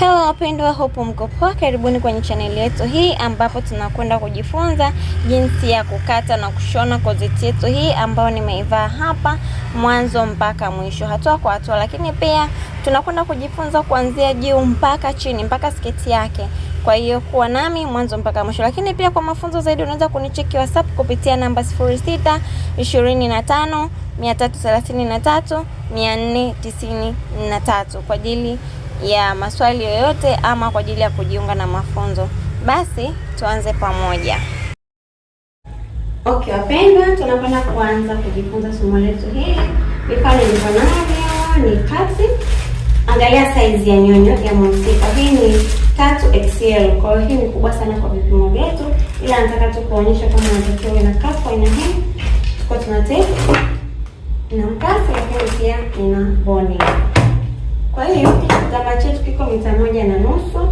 Hello wapendwa, hope mko poa. Karibuni kwenye chaneli yetu hii ambapo tunakwenda kujifunza jinsi ya kukata na kushona kozeti yetu hii ambayo nimeivaa hapa mwanzo mpaka mwisho, hatua kwa hatua, lakini pia tunakwenda kujifunza kuanzia juu mpaka chini mpaka sketi yake. Kwa hiyo kuwa nami mwanzo mpaka mwisho, lakini pia kwa mafunzo zaidi unaweza kunicheki WhatsApp kupitia namba 06 25 333 493 kwa ajili ya maswali yoyote ama kwa ajili ya kujiunga na mafunzo. Basi tuanze pamoja. Okay, wapendwa, tunakwenda kuanza kujifunza somo letu hili. Mifano ilivyo navyo ni kati. Angalia size ya nyonyo ya mhusika. Hii ni 3 XL. Kwa hiyo hii ni kubwa sana kwa vipimo vyetu, ila nataka tu kuonyesha kama natakiwa na kafu aina hii. Tuko tuna tape na mkasi, lakini pia ina boni kwa hiyo kitambaa chetu kiko mita moja na nusu,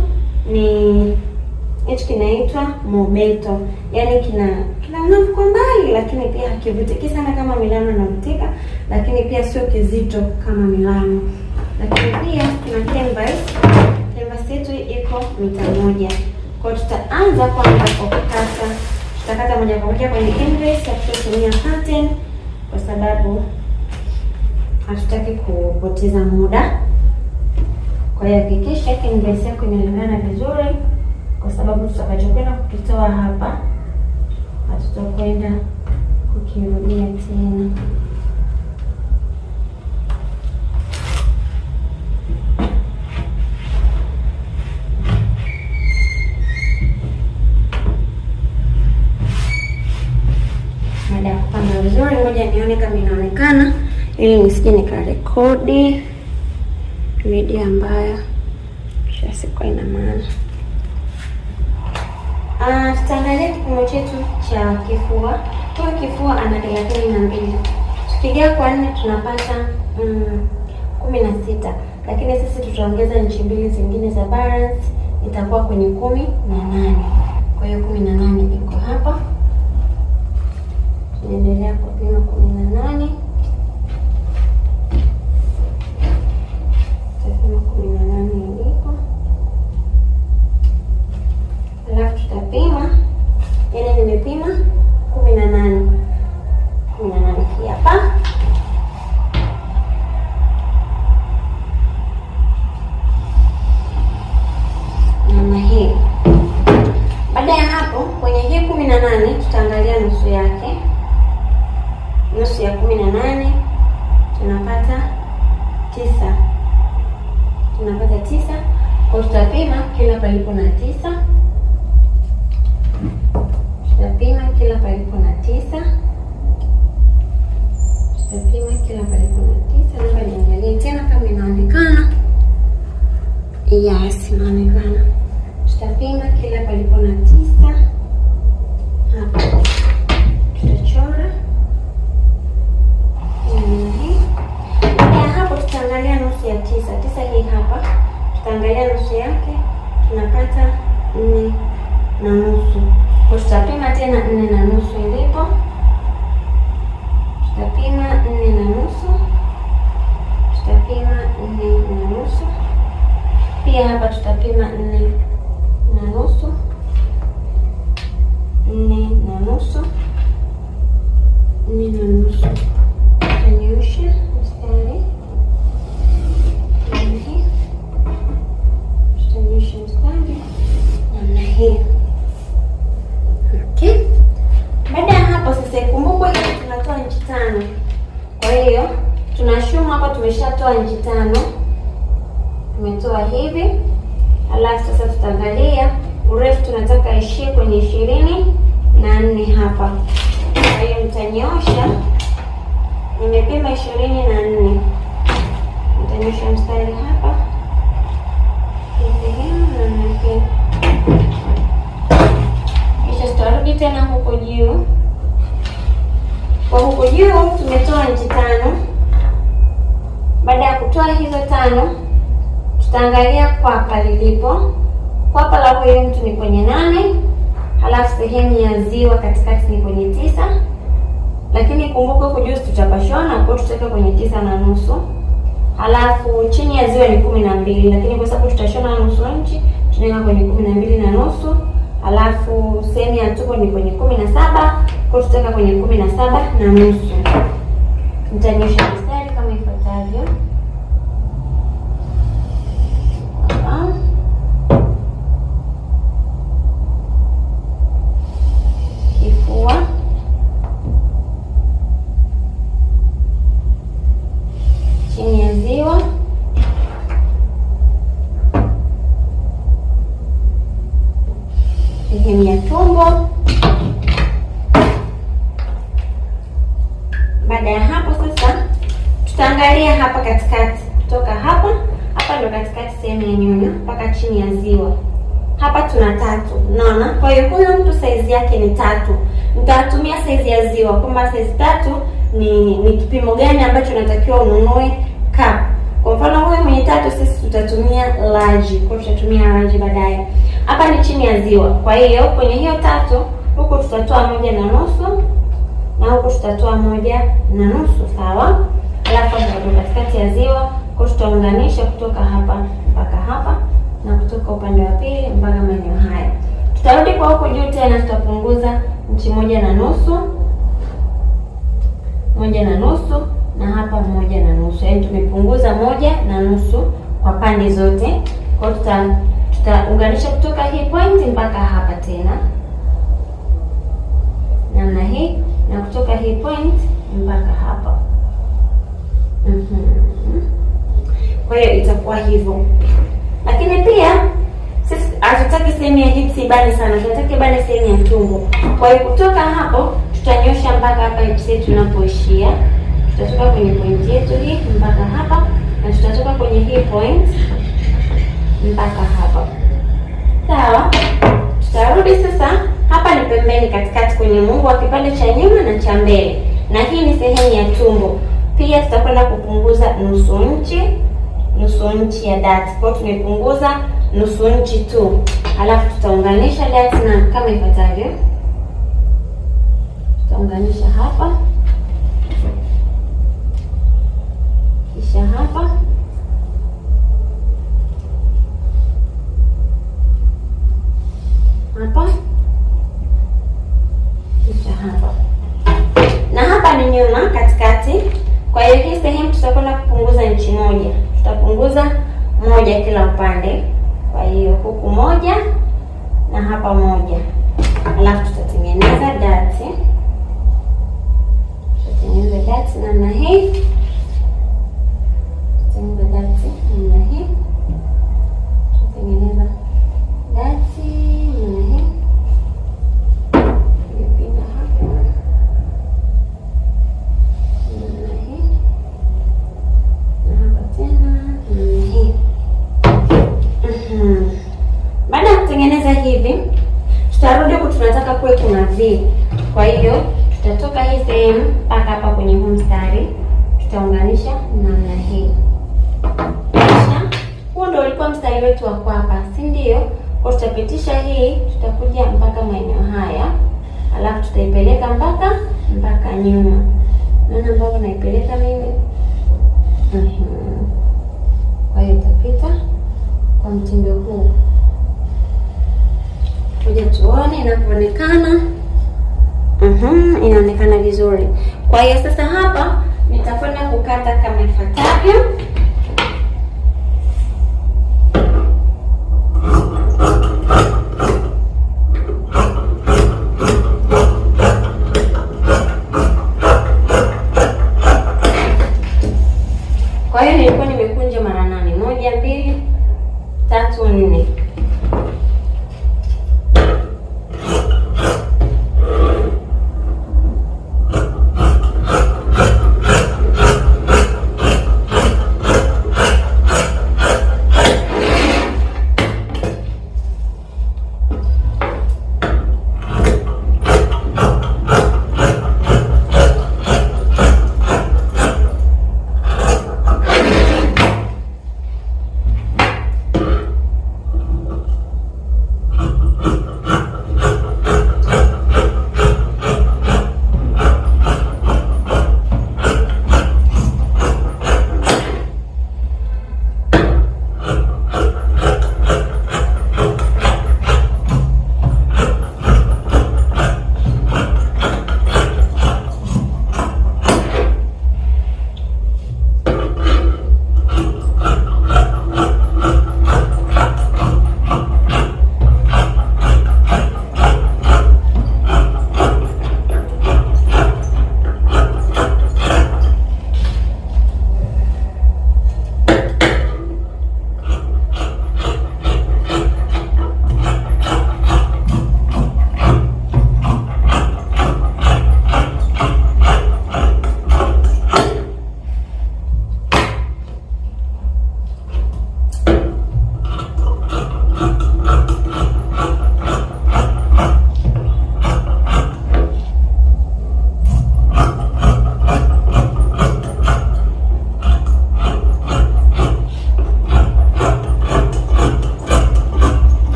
ni hichi kinaitwa mobeto, yaani kina kina unavu kwa mbali, lakini pia hakivutiki sana kama Milano na Utika, lakini pia sio kizito kama Milano. Lakini pia kuna canvas, canvas yetu iko mita moja. Kwa hiyo tutaanza kwanza kwa kukata, tutakata moja kwa moja kwenye canvas, ya kutumia pattern kwa sababu hatutaki kupoteza muda. Kwa hiyo hakikisha kiingereza yako inaeleweka vizuri, kwa sababu tutakachokwenda kukitoa hapa hatutakwenda kukirudia tena. Baada ya vizuri, ngoja nione kama inaonekana, ili nisije nikarekodi period ambayo kisha ina maana. Uh, ah, tutaangalia kipimo chetu cha kifua. Kwa kifua ana thelathini na mbili, tukigawa kwa nne tunapata mm, kumi na sita, lakini sisi tutaongeza nchi mbili zingine za balance itakuwa kwenye kumi na nane. Kwa hiyo kumi na nane iko hapa, tunaendelea kupima kumi na nane tunapata tisa, kwa tutapima kila palipo na tisa, tutapima kila palipo na tisa, tutapima kila palipo na tisa. Naomba niangalie tena kama inaonekana. Yes, inaonekana. Tutapima kila palipo na tisa. tukiangalia nusu yake tunapata nne na nusu, kwa tutapima tena nne na nusu Kwa huko juu tumetoa nchi tano. Baada ya kutoa hizo tano, tutaangalia kwapa lilipo. Kwapa la huyo mtu ni kwenye nane, halafu sehemu ya ziwa katikati ni kwenye tisa, lakini kumbuka huko juu tutapashona, kwa tutaweka kwenye tisa na nusu halafu chini ya ziwa ni kumi na mbili lakini kwa sababu tutashona nusu nchi tunaweka kwenye kumi na mbili na nusu halafu sehemu ya tuko ni kwenye kumi na saba kwa tutaka kwenye kumi na saba na nusu. Nitanyosha mistari kama ifuatavyo. Kifua chini ya sehemu ya tumbo tunaangalia hapa katikati, kutoka hapa hapa ndo katikati, sehemu ya nyonyo mpaka chini ya ziwa. Hapa tuna tatu, unaona? Kwa hiyo huyu mtu saizi yake ni tatu. Nitawatumia saizi ya ziwa kwamba saizi tatu ni ni kipimo gani ambacho unatakiwa ununue cup. Kwa mfano huyu mwenye tatu, sisi tutatumia large, kwa tutatumia large baadaye. Hapa ni chini ya ziwa, kwa hiyo kwenye hiyo tatu huko tutatoa moja na nusu na huko tutatoa moja na nusu, sawa? alafu narudi katikati ya ziwa, kwa tutaunganisha kutoka hapa mpaka hapa na kutoka upande wa pili mpaka maeneo haya. Tutarudi kwa huku juu tena, tutapunguza nchi moja na nusu, moja na nusu na hapa moja na nusu, yaani tumepunguza moja na nusu kwa pande zote. Kwa tuta tutaunganisha kutoka hii point mpaka hapa tena namna hii, na kutoka hii point mpaka hapa. Mhm. Kwa hiyo itakuwa hivyo, lakini pia sisi hatutaki sehemu ya hips ibane sana, tunataka ibane sehemu ya tumbo. Kwa hiyo kutoka hapo tutanyosha mpaka hapa hips yetu tunapoishia, tutatoka kwenye point yetu hii mpaka hapa, na tutatoka kwenye hii point mpaka hapa. Sawa, tutarudi sasa. Hapa ni pembeni katikati, kwenye mungu wa kipande cha nyuma na cha mbele, na hii ni sehemu ya tumbo. Pia tutakwenda kupunguza nusu nchi nusu nchi ya dati, kwa tumepunguza nusu nchi tu, alafu tutaunganisha dati na kama ifuatavyo. Tutaunganisha hapa kisha hapa moja kila upande. Kwa hiyo huku moja na hapa moja. mstari wetu wa kwapa, si ndio? Kwa tutapitisha hii, tutakuja mpaka maeneo haya, alafu tutaipeleka mpaka mpaka nyuma. Naona ambavyo naipeleka mimi. Mhm. Kwa hiyo itapita kwa mtindo huu. Kuja tuone inavyoonekana. Uhum, inaonekana vizuri. Kwa hiyo sasa hapa nitakwenda kukata kama ifuatavyo.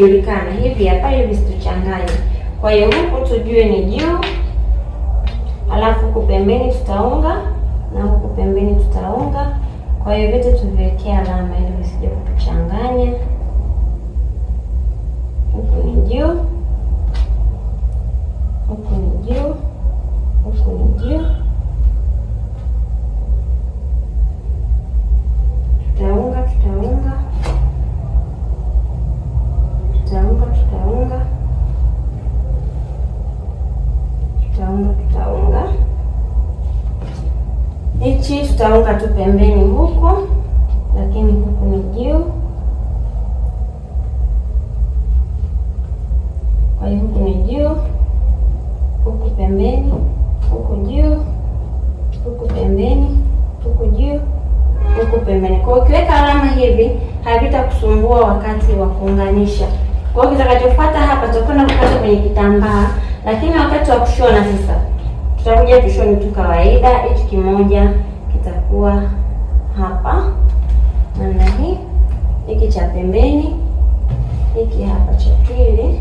vinajulikana hivi hapa, ili visituchanganye. Kwa hiyo huku tujue ni juu, alafu huku pembeni tutaunga na huku pembeni tutaunga. Kwa hiyo vyote tuviwekea alama ili visije kutuchanganya. Huku ni juu, huku ni juu, huku ni juu tutaunga tutaunga tutaunga tutaunga hichi tutaunga tu pembeni huko, lakini huku ni juu. Kwa hiyo huku ni juu, huku pembeni, huku juu, huku pembeni, huku juu, huku pembeni. Kwa ukiweka alama hivi havitakusumbua wakati wa kuunganisha. Kwa hiyo kitakachofuata hapa tutakwenda kukata kwenye kitambaa, lakini wakati wa kushona sasa tutakuja tushoni tu kawaida. Hichi kimoja kitakuwa hapa namna hii, hiki cha pembeni, hiki hapa cha pili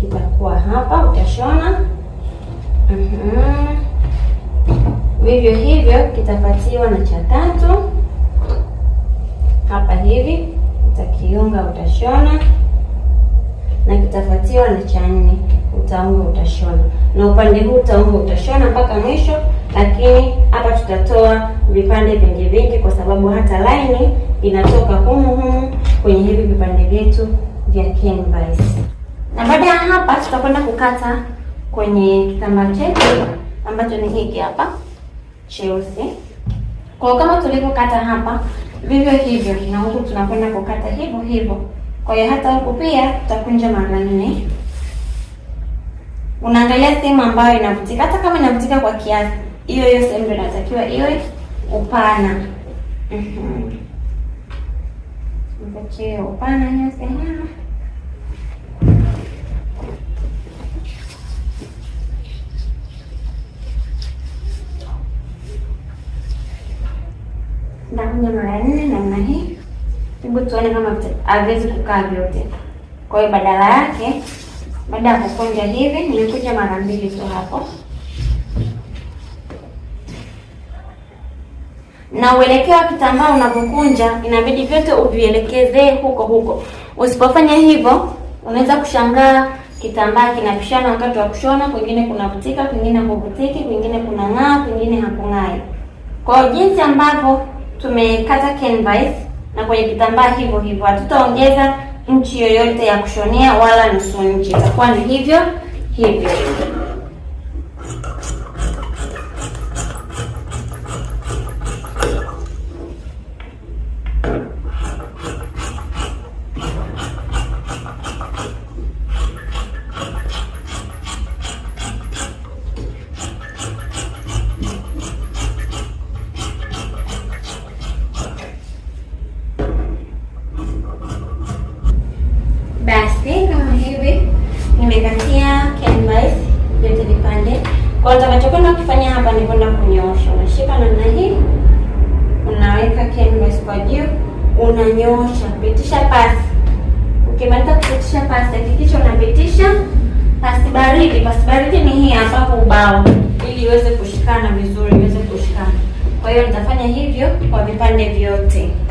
kitakuwa hapa, utashona mhm. vivyo hivyo, kitapatiwa na cha tatu hapa hivi Utakionga utashona na kitafuatiwa na cha nne, utaunga utashona, na upande huu utaunga utashona mpaka mwisho, lakini hapa tutatoa vipande vingi vingi, kwa sababu hata laini inatoka humu humu kwenye hivi vipande vyetu vya canvas. Na baada ya hapa tutakwenda kukata kwenye kitambaa chetu ambacho ni hiki hapa cheusi, kwa kama tulivyokata hapa vivyo hivyo na huku tunakwenda kukata hivyo hivyo. Kwa hiyo hata huku pia tutakunja mara nne. Unaangalia sehemu ambayo inavutika, hata kama inavutika kwa kiasi, hiyo hiyo sehemu ndio inatakiwa iwe upana. Mhm, upana hiyo sehemu ndakuja mara nne namna hii, hebu tuone kama haviwezi kukaa vyote. Kwa hiyo badala yake, baada ya kukunja hivi, nimekuja mara mbili tu hapo, na uelekeo wa kitambaa unapokunja, inabidi vyote uvielekezee huko huko. Usipofanya hivyo, unaweza kushangaa kitambaa kinapishana wakati wa kushona, kwingine vutika kwingine hakuvutiki, kwingine ng'aa kwingine hakung'ai. Kwa jinsi ambavyo tumekata canvas na kwenye kitambaa hivyo hivyo, hatutaongeza nchi yoyote ya kushonea wala nusu nchi, itakuwa ni hivyo hivyo. Kwa nitakachokwenda kufanya hapa ni kwenda kunyoosha. Unashika namna hii, unaweka canvas kwa juu, unanyoosha, pitisha pasi. Ukimaliza kupitisha pasi, hakikisha unapitisha pasi baridi. Pasi baridi ni hii ambapo ubao, ili iweze kushikana vizuri, iweze kushikana. Kwa hiyo nitafanya hivyo kwa vipande vyote.